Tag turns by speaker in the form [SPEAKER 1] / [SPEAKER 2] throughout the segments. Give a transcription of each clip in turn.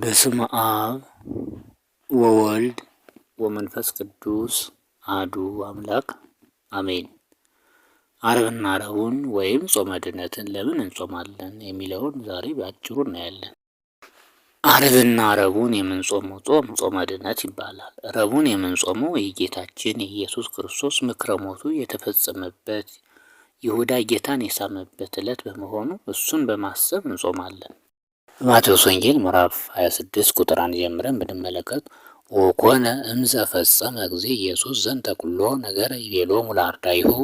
[SPEAKER 1] በስመ አብ ወወልድ ወመንፈስ ቅዱስ አዱ አምላክ አሜን። አርብና ረቡዕን ወይም ጾመ ለምን እንጾማለን የሚለውን ዛሬ በአጭሩ እናያለን። አርብና ረቡዕን የምንጾመው ጾም ጾመ ይባላል። ረቡዕን የምንጾመው የጌታችን የኢየሱስ ክርስቶስ ምክረ ሞቱ የተፈጸመበት ይሁዳ ጌታን የሳመበት ዕለት በመሆኑ እሱን በማሰብ እንጾማለን። ማቴዎስ ወንጌል ምዕራፍ 26 ቁጥር 1 ጀምረን ብንመለከት ወኮነ እምዘ ፈጸመ ጊዜ ኢየሱስ ዘንተ ኩሎ ነገር ይቤሎሙ ለአርዳኢሁ።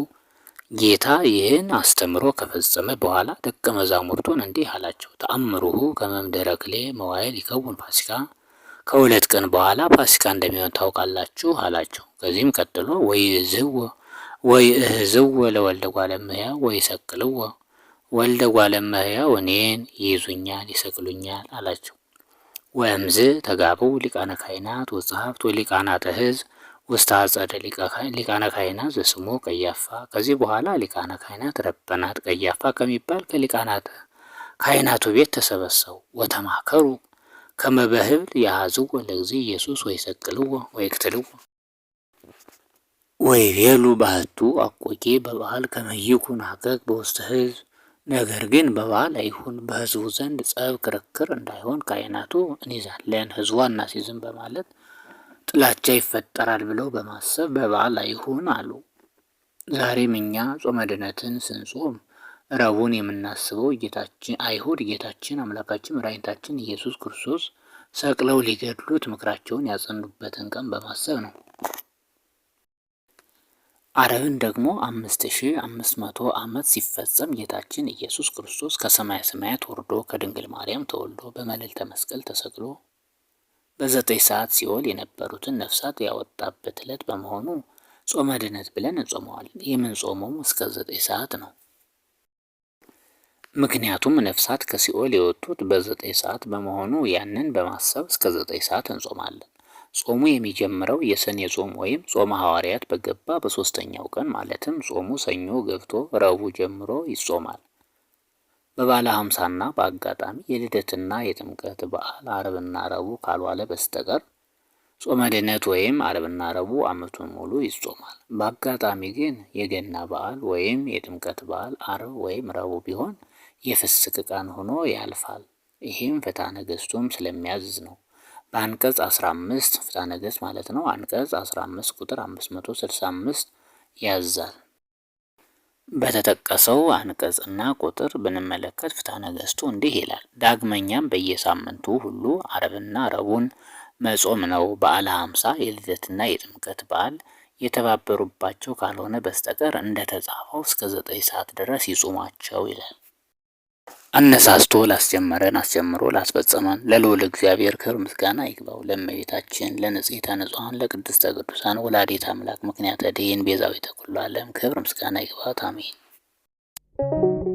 [SPEAKER 1] ጌታ ይህን አስተምሮ ከፈጸመ በኋላ ደቀ መዛሙርቱን እንዲህ አላቸው፣ ተአምሩሁ ከመምደረክሌ መዋይል ይከውን ፋሲካ፣ ከሁለት ቀን በኋላ ፋሲካ እንደሚሆን ታውቃላችሁ አላቸው። ከዚህም ቀጥሎ ወይ እህዝው ለወልደ እጓለ እመሕያው ወይ ሰቅልዎ ወልደ ጓለም እኔን ይይዙኛል፣ ይሰቅሉኛል አላቸው። ወእምዝ ተጋቡ ሊቃነ ካህናት ወጸሐፍት ወሊቃናተ ሕዝብ ውስተ አጸደ ሊቃነ ካህናት ዘስሙ ቀያፋ። ከዚህ በኋላ ሊቃነ ካህናት ረበናት ቀያፋ ከሚባል ከሊቃናት ካህናቱ ቤት ተሰበሰቡ። ወተማከሩ ከመ በሕብል የአዝዎ ለእግዚእ ወይ ወይሰቅልዎ ወይ ወይቤሉ ባሕቱ አቆቄ በበዓል ከመ ይኩን በውስተ ሕዝብ ነገር ግን በበዓል አይሁን በህዝቡ ዘንድ ጸብ፣ ክርክር እንዳይሆን ካህናቱ እንይዛለን ህዝቧ አናስይዝም በማለት ጥላቻ ይፈጠራል ብለው በማሰብ በበዓል አይሁን አሉ። ዛሬም እኛ ጾመ ድነትን ስንጾም ረቡን የምናስበው ጌታችን አይሁድ ጌታችን አምላካችን መድኃኒታችን ኢየሱስ ክርስቶስ ሰቅለው ሊገድሉት ምክራቸውን ያጸኑበትን ቀን በማሰብ ነው። አረብን ደግሞ አምስት ሺ አምስት መቶ ዓመት ሲፈጸም ጌታችን ኢየሱስ ክርስቶስ ከሰማየ ሰማያት ወርዶ ከድንግል ማርያም ተወልዶ በመልዕልተ መስቀል ተሰቅሎ በዘጠኝ ሰዓት ሲኦል የነበሩትን ነፍሳት ያወጣበት ዕለት በመሆኑ ጾመ ድነት ብለን እንጾመዋለን። የምንጾመውም እስከ ዘጠኝ ሰዓት ነው። ምክንያቱም ነፍሳት ከሲኦል የወጡት በዘጠኝ ሰዓት በመሆኑ ያንን በማሰብ እስከ ዘጠኝ ሰዓት እንጾማለን። ጾሙ የሚጀምረው የሰኔ ጾም ወይም ጾመ ሐዋርያት በገባ በሶስተኛው ቀን ማለትም ጾሙ ሰኞ ገብቶ ረቡዕ ጀምሮ ይጾማል። በባለ ሀምሳና በአጋጣሚ የልደትና የጥምቀት በዓል አርብና ረቡዕ ካልዋለ በስተቀር ጾመ ድነት ወይም አርብና ረቡዕ ዓመቱን ሙሉ ይጾማል። በአጋጣሚ ግን የገና በዓል ወይም የጥምቀት በዓል አርብ ወይም ረቡዕ ቢሆን የፍስክ ቀን ሆኖ ያልፋል። ይህም ፍትሐ ነገሥቱም ስለሚያዝዝ ነው። አንቀጽ 15 ፍትሐ ነገሥት ማለት ነው። አንቀጽ 15 ቁጥር 565 ያዛል። በተጠቀሰው አንቀጽና ቁጥር ብንመለከት ፍትሐ ነገሥቱ እንዲህ ይላል። ዳግመኛም በየሳምንቱ ሁሉ አረብና ረቡን መጾም ነው። በዓለ ሀምሳ የልደትና የጥምቀት በዓል የተባበሩባቸው ካልሆነ በስተቀር እንደተጻፈው እስከ ዘጠኝ ሰዓት ድረስ ይጹማቸው ይላል። አነሳስቶ ላስጀመረን አስጀምሮ ላስፈጸመን ለልዑል እግዚአብሔር ክብር ምስጋና ይግባው። ለእመቤታችን ለንጽሕተ ንጹሐን ለቅድስተ ቅዱሳን ወላዲተ አምላክ ምክንያተ ድኂን ቤዛዊተ ኩሉ ዓለም ክብር ምስጋና ይግባት። አሜን።